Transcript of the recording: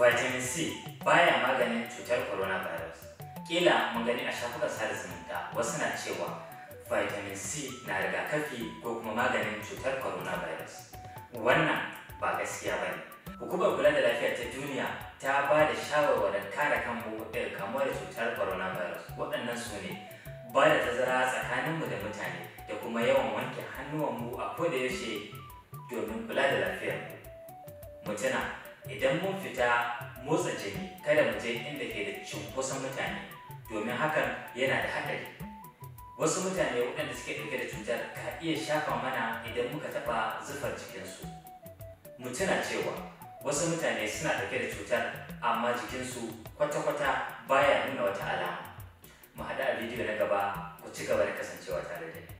vitamin c baya maganin cutar coronavirus kila mun gani a shafukan sada zumunta wasu na cewa vitamin c na rigakafi ko kuma maganin cutar virus. wannan ba gaskiya ba ne hukumar kula da lafiya ta duniya ta ba da shawarwarin kare kanmu daga kamuwa da cutar coronavirus waɗannan su ne ba da tazara tsakaninmu da mutane da kuma yawan wanke hannuwanmu a koda yaushe domin kula da lafiyar mu tuna idan mun fita motsa jini kada mu je inda ke da cunkoson mutane domin hakan yana da haɗari wasu mutane waɗanda suke ɗauke da cutar ka iya shafa mana idan muka taɓa zufar jikinsu mu tuna cewa wasu mutane suna ɗauke da cutar amma jikinsu kwata-kwata baya nuna wata alama mu haɗa a bidiyo na gaba ku ci gaba da kasancewa tare da ni